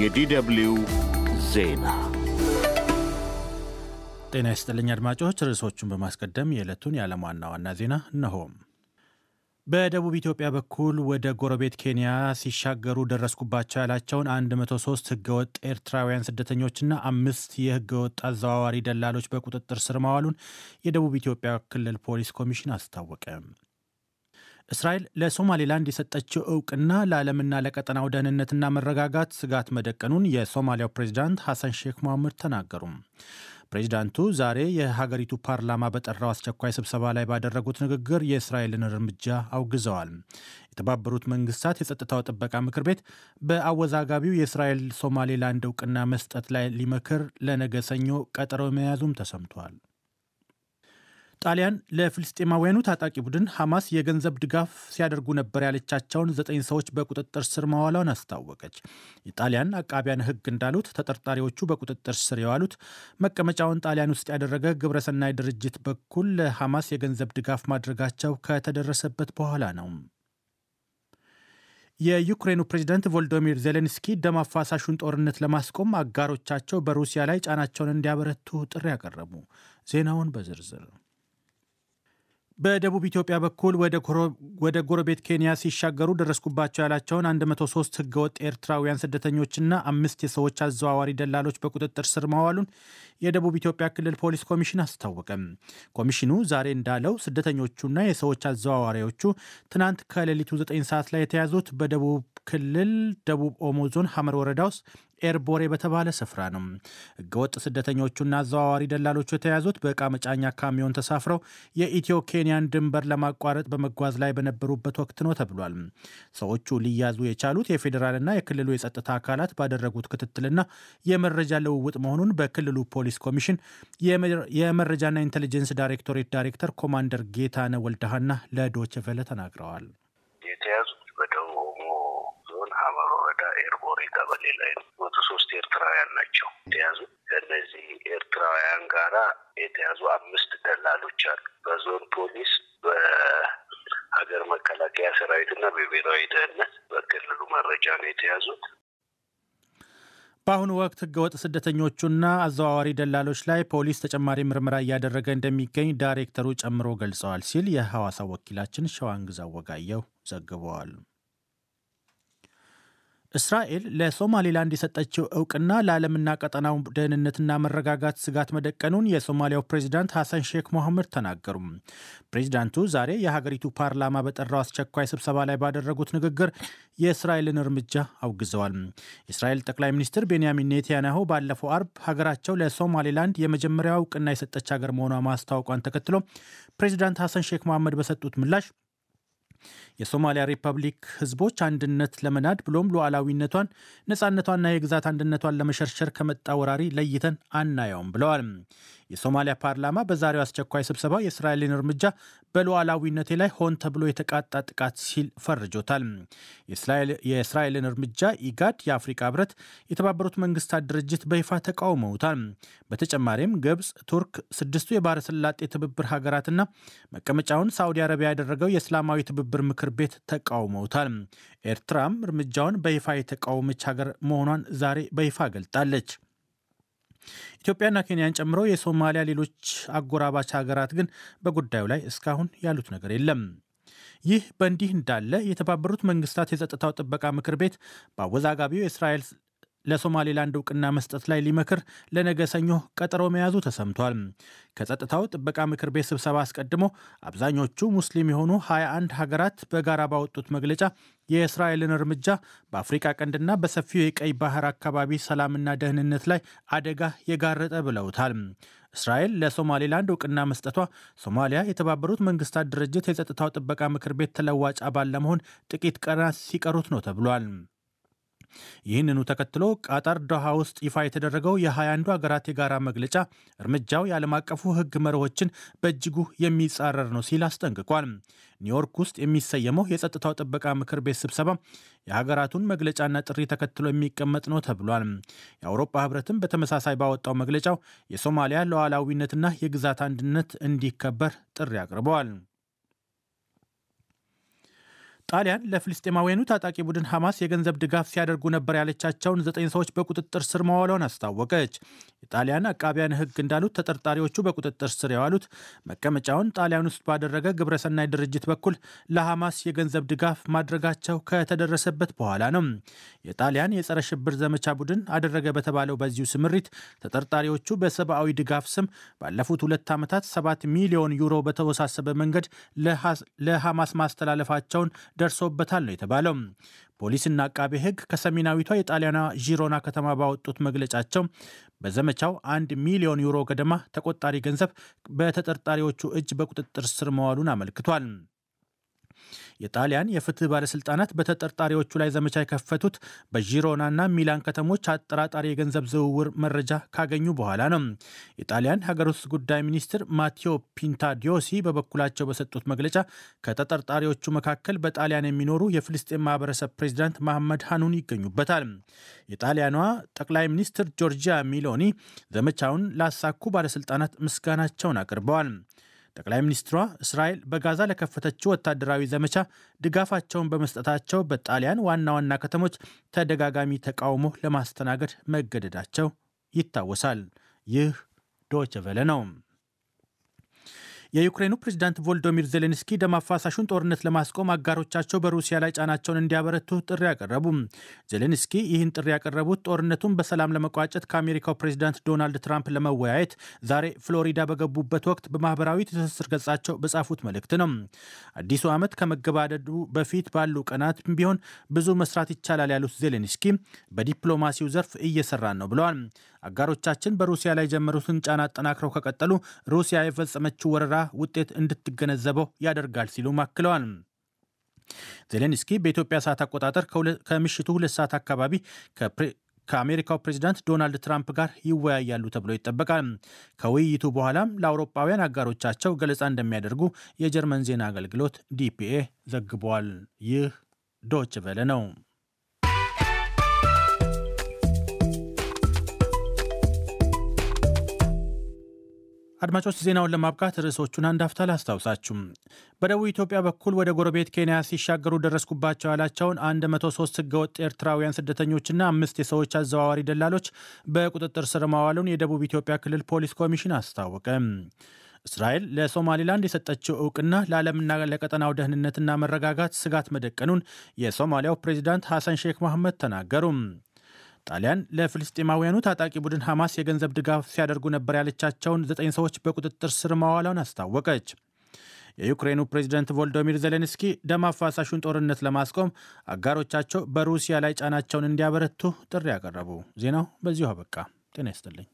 የዲደብልዩ ዜና ጤና ይስጥልኝ አድማጮች። ርዕሶቹን በማስቀደም የዕለቱን የዓለም ዋና ዋና ዜና እነሆም። በደቡብ ኢትዮጵያ በኩል ወደ ጎረቤት ኬንያ ሲሻገሩ ደረስኩባቸው ያላቸውን 103 ህገወጥ ኤርትራውያን ስደተኞችና አምስት የህገወጥ አዘዋዋሪ ደላሎች በቁጥጥር ስር ማዋሉን የደቡብ ኢትዮጵያ ክልል ፖሊስ ኮሚሽን አስታወቀ። እስራኤል ለሶማሌላንድ የሰጠችው እውቅና ለዓለምና ለቀጠናው ደህንነትና መረጋጋት ስጋት መደቀኑን የሶማሊያው ፕሬዚዳንት ሐሰን ሼክ መሐመድ ተናገሩ። ፕሬዚዳንቱ ዛሬ የሀገሪቱ ፓርላማ በጠራው አስቸኳይ ስብሰባ ላይ ባደረጉት ንግግር የእስራኤልን እርምጃ አውግዘዋል። የተባበሩት መንግስታት የጸጥታው ጥበቃ ምክር ቤት በአወዛጋቢው የእስራኤል ሶማሌላንድ እውቅና መስጠት ላይ ሊመክር ለነገ ሰኞ ቀጠሮ መያዙም ተሰምቷል። ጣሊያን ለፍልስጤማውያኑ ታጣቂ ቡድን ሐማስ የገንዘብ ድጋፍ ሲያደርጉ ነበር ያለቻቸውን ዘጠኝ ሰዎች በቁጥጥር ስር መዋሏን አስታወቀች። የጣሊያን አቃቢያን ሕግ እንዳሉት ተጠርጣሪዎቹ በቁጥጥር ስር የዋሉት መቀመጫውን ጣሊያን ውስጥ ያደረገ ግብረሰናይ ድርጅት በኩል ለሐማስ የገንዘብ ድጋፍ ማድረጋቸው ከተደረሰበት በኋላ ነው። የዩክሬኑ ፕሬዝዳንት ቮልዶሚር ዜሌንስኪ ደም አፋሳሹን ጦርነት ለማስቆም አጋሮቻቸው በሩሲያ ላይ ጫናቸውን እንዲያበረቱ ጥሪ ያቀረቡ። ዜናውን በዝርዝር በደቡብ ኢትዮጵያ በኩል ወደ ጎረቤት ኬንያ ሲሻገሩ ደረስኩባቸው ያላቸውን 103 ህገወጥ ኤርትራውያን ስደተኞችና አምስት የሰዎች አዘዋዋሪ ደላሎች በቁጥጥር ስር መዋሉን የደቡብ ኢትዮጵያ ክልል ፖሊስ ኮሚሽን አስታወቀም። ኮሚሽኑ ዛሬ እንዳለው ስደተኞቹና የሰዎች አዘዋዋሪዎቹ ትናንት ከሌሊቱ 9 ሰዓት ላይ የተያዙት በደቡብ ክልል ደቡብ ኦሞ ዞን ሐመር ወረዳ ውስጥ ኤርቦሬ በተባለ ስፍራ ነው። ህገወጥ ስደተኞቹና አዘዋዋሪ ደላሎቹ የተያዙት በእቃ መጫኛ ካሚዮን ተሳፍረው የኢትዮ ኬንያን ድንበር ለማቋረጥ በመጓዝ ላይ በነበሩበት ወቅት ነው ተብሏል። ሰዎቹ ሊያዙ የቻሉት የፌዴራልና የክልሉ የጸጥታ አካላት ባደረጉት ክትትልና የመረጃ ልውውጥ መሆኑን በክልሉ ፖሊስ ኮሚሽን የመረጃና ኢንቴሊጀንስ ዳይሬክቶሬት ዳይሬክተር ኮማንደር ጌታነ ወልደሃና ለዶችቨለ ተናግረዋል። በሌላ መቶ ሶስት ኤርትራውያን ናቸው የተያዙ። ከእነዚህ ኤርትራውያን ጋራ የተያዙ አምስት ደላሎች አሉ። በዞን ፖሊስ፣ በሀገር መከላከያ ሰራዊት እና በብሔራዊ ደህንነት በክልሉ መረጃ ነው የተያዙት። በአሁኑ ወቅት ህገወጥ ስደተኞቹና አዘዋዋሪ ደላሎች ላይ ፖሊስ ተጨማሪ ምርመራ እያደረገ እንደሚገኝ ዳይሬክተሩ ጨምሮ ገልጸዋል ሲል የሐዋሳ ወኪላችን ሸዋንግዛ ወጋየው ዘግበዋል። እስራኤል ለሶማሌላንድ የሰጠችው እውቅና ለዓለምና ቀጠናው ደህንነትና መረጋጋት ስጋት መደቀኑን የሶማሊያው ፕሬዚዳንት ሐሰን ሼክ መሐመድ ተናገሩ። ፕሬዚዳንቱ ዛሬ የሀገሪቱ ፓርላማ በጠራው አስቸኳይ ስብሰባ ላይ ባደረጉት ንግግር የእስራኤልን እርምጃ አውግዘዋል። የእስራኤል ጠቅላይ ሚኒስትር ቤንያሚን ኔታንያሁ ባለፈው አርብ ሀገራቸው ለሶማሌላንድ የመጀመሪያ እውቅና የሰጠች ሀገር መሆኗ ማስታወቋን ተከትሎ ፕሬዚዳንት ሐሰን ሼክ መሐመድ በሰጡት ምላሽ የሶማሊያ ሪፐብሊክ ህዝቦች አንድነት ለመናድ ብሎም ሉዓላዊነቷን ነፃነቷና የግዛት አንድነቷን ለመሸርሸር ከመጣ ወራሪ ለይተን አናየውም ብለዋል። የሶማሊያ ፓርላማ በዛሬው አስቸኳይ ስብሰባ የእስራኤልን እርምጃ በሉዓላዊነቴ ላይ ሆን ተብሎ የተቃጣ ጥቃት ሲል ፈርጆታል። የእስራኤልን እርምጃ ኢጋድ፣ የአፍሪካ ህብረት፣ የተባበሩት መንግስታት ድርጅት በይፋ ተቃውመውታል። በተጨማሪም ግብፅ፣ ቱርክ፣ ስድስቱ የባህረ ሰላጤ ትብብር ሀገራትና መቀመጫውን ሳዑዲ አረቢያ ያደረገው የእስላማዊ ትብብር ትብብር ምክር ቤት ተቃውመውታል። ኤርትራም እርምጃውን በይፋ የተቃወመች ሀገር መሆኗን ዛሬ በይፋ ገልጣለች። ኢትዮጵያና ኬንያን ጨምሮ የሶማሊያ ሌሎች አጎራባች ሀገራት ግን በጉዳዩ ላይ እስካሁን ያሉት ነገር የለም። ይህ በእንዲህ እንዳለ የተባበሩት መንግስታት የጸጥታው ጥበቃ ምክር ቤት በአወዛጋቢው የእስራኤል ለሶማሌላንድ እውቅና መስጠት ላይ ሊመክር ለነገ ሰኞ ቀጠሮ መያዙ ተሰምቷል። ከጸጥታው ጥበቃ ምክር ቤት ስብሰባ አስቀድሞ አብዛኞቹ ሙስሊም የሆኑ 21 ሀገራት በጋራ ባወጡት መግለጫ የእስራኤልን እርምጃ በአፍሪቃ ቀንድና በሰፊው የቀይ ባህር አካባቢ ሰላምና ደህንነት ላይ አደጋ የጋረጠ ብለውታል። እስራኤል ለሶማሌላንድ እውቅና መስጠቷ ሶማሊያ የተባበሩት መንግስታት ድርጅት የጸጥታው ጥበቃ ምክር ቤት ተለዋጭ አባል ለመሆን ጥቂት ቀናት ሲቀሩት ነው ተብሏል። ይህንኑ ተከትሎ ቃጣር ዶሃ ውስጥ ይፋ የተደረገው የ21 ሀገራት የጋራ መግለጫ እርምጃው የዓለም አቀፉ ሕግ መርሆችን በእጅጉ የሚጻረር ነው ሲል አስጠንቅቋል። ኒውዮርክ ውስጥ የሚሰየመው የጸጥታው ጥበቃ ምክር ቤት ስብሰባ የሀገራቱን መግለጫና ጥሪ ተከትሎ የሚቀመጥ ነው ተብሏል። የአውሮፓ ህብረትም በተመሳሳይ ባወጣው መግለጫው የሶማሊያ ሉዓላዊነትና የግዛት አንድነት እንዲከበር ጥሪ አቅርበዋል። ጣሊያን ለፍልስጤማውያኑ ታጣቂ ቡድን ሐማስ የገንዘብ ድጋፍ ሲያደርጉ ነበር ያለቻቸውን ዘጠኝ ሰዎች በቁጥጥር ስር መዋሏን አስታወቀች። የጣሊያን አቃቢያን ሕግ እንዳሉት ተጠርጣሪዎቹ በቁጥጥር ስር የዋሉት መቀመጫውን ጣሊያን ውስጥ ባደረገ ግብረሰናይ ድርጅት በኩል ለሐማስ የገንዘብ ድጋፍ ማድረጋቸው ከተደረሰበት በኋላ ነው። የጣሊያን የጸረ ሽብር ዘመቻ ቡድን አደረገ በተባለው በዚሁ ስምሪት ተጠርጣሪዎቹ በሰብአዊ ድጋፍ ስም ባለፉት ሁለት ዓመታት ሰባት ሚሊዮን ዩሮ በተወሳሰበ መንገድ ለሐማስ ማስተላለፋቸውን ደርሶበታል ነው የተባለው። ፖሊስና አቃቤ ሕግ ከሰሜናዊቷ የጣሊያና ዢሮና ከተማ ባወጡት መግለጫቸው በዘመቻው አንድ ሚሊዮን ዩሮ ገደማ ተቆጣሪ ገንዘብ በተጠርጣሪዎቹ እጅ በቁጥጥር ስር መዋሉን አመልክቷል። የጣሊያን የፍትህ ባለስልጣናት በተጠርጣሪዎቹ ላይ ዘመቻ የከፈቱት በዢሮናና ሚላን ከተሞች አጠራጣሪ የገንዘብ ዝውውር መረጃ ካገኙ በኋላ ነው። የጣሊያን ሀገር ውስጥ ጉዳይ ሚኒስትር ማቴዎ ፒንታዲዮሲ በበኩላቸው በሰጡት መግለጫ ከተጠርጣሪዎቹ መካከል በጣሊያን የሚኖሩ የፍልስጤን ማህበረሰብ ፕሬዚዳንት መሐመድ ሃኑን ይገኙበታል። የጣሊያኗ ጠቅላይ ሚኒስትር ጆርጂያ ሚሎኒ ዘመቻውን ላሳኩ ባለስልጣናት ምስጋናቸውን አቅርበዋል። ጠቅላይ ሚኒስትሯ እስራኤል በጋዛ ለከፈተችው ወታደራዊ ዘመቻ ድጋፋቸውን በመስጠታቸው በጣሊያን ዋና ዋና ከተሞች ተደጋጋሚ ተቃውሞ ለማስተናገድ መገደዳቸው ይታወሳል። ይህ ዶችቨለ ነው። የዩክሬኑ ፕሬዝዳንት ቮልዶሚር ዜሌንስኪ ደም አፋሳሹን ጦርነት ለማስቆም አጋሮቻቸው በሩሲያ ላይ ጫናቸውን እንዲያበረቱ ጥሪ አቀረቡ። ዜሌንስኪ ይህን ጥሪ ያቀረቡት ጦርነቱን በሰላም ለመቋጨት ከአሜሪካው ፕሬዝዳንት ዶናልድ ትራምፕ ለመወያየት ዛሬ ፍሎሪዳ በገቡበት ወቅት በማህበራዊ ትስስር ገጻቸው በጻፉት መልእክት ነው። አዲሱ ዓመት ከመገባደዱ በፊት ባሉ ቀናት ቢሆን ብዙ መስራት ይቻላል ያሉት ዜሌንስኪ በዲፕሎማሲው ዘርፍ እየሰራን ነው ብለዋል። አጋሮቻችን በሩሲያ ላይ ጀመሩትን ጫና አጠናክረው ከቀጠሉ ሩሲያ የፈጸመችው ወረራ ውጤት እንድትገነዘበው ያደርጋል ሲሉ አክለዋል። ዜሌንስኪ በኢትዮጵያ ሰዓት አቆጣጠር ከምሽቱ ሁለት ሰዓት አካባቢ ከአሜሪካው ፕሬዚዳንት ዶናልድ ትራምፕ ጋር ይወያያሉ ተብሎ ይጠበቃል። ከውይይቱ በኋላም ለአውሮፓውያን አጋሮቻቸው ገለጻ እንደሚያደርጉ የጀርመን ዜና አገልግሎት ዲፒኤ ዘግቧል። ይህ ዶች በለ ነው። አድማጮች ዜናውን ለማብቃት ርዕሶቹን አንድ አፍታ ላስታውሳችሁ። በደቡብ ኢትዮጵያ በኩል ወደ ጎረቤት ኬንያ ሲሻገሩ ደረስኩባቸው ያላቸውን 103 ህገወጥ ኤርትራውያን ስደተኞችና አምስት የሰዎች አዘዋዋሪ ደላሎች በቁጥጥር ስር ማዋሉን የደቡብ ኢትዮጵያ ክልል ፖሊስ ኮሚሽን አስታወቀ። እስራኤል ለሶማሊላንድ የሰጠችው እውቅና ለዓለምና ለቀጠናው ደህንነትና መረጋጋት ስጋት መደቀኑን የሶማሊያው ፕሬዚዳንት ሐሰን ሼክ መሐመድ ተናገሩ። ጣሊያን ለፍልስጤማውያኑ ታጣቂ ቡድን ሐማስ የገንዘብ ድጋፍ ሲያደርጉ ነበር ያለቻቸውን ዘጠኝ ሰዎች በቁጥጥር ስር ማዋላውን አስታወቀች። የዩክሬኑ ፕሬዚደንት ቮልዶሚር ዜሌንስኪ ደም አፋሳሹን ጦርነት ለማስቆም አጋሮቻቸው በሩሲያ ላይ ጫናቸውን እንዲያበረቱ ጥሪ ያቀረቡ። ዜናው በዚሁ አበቃ። ጤና ይስጥልኝ።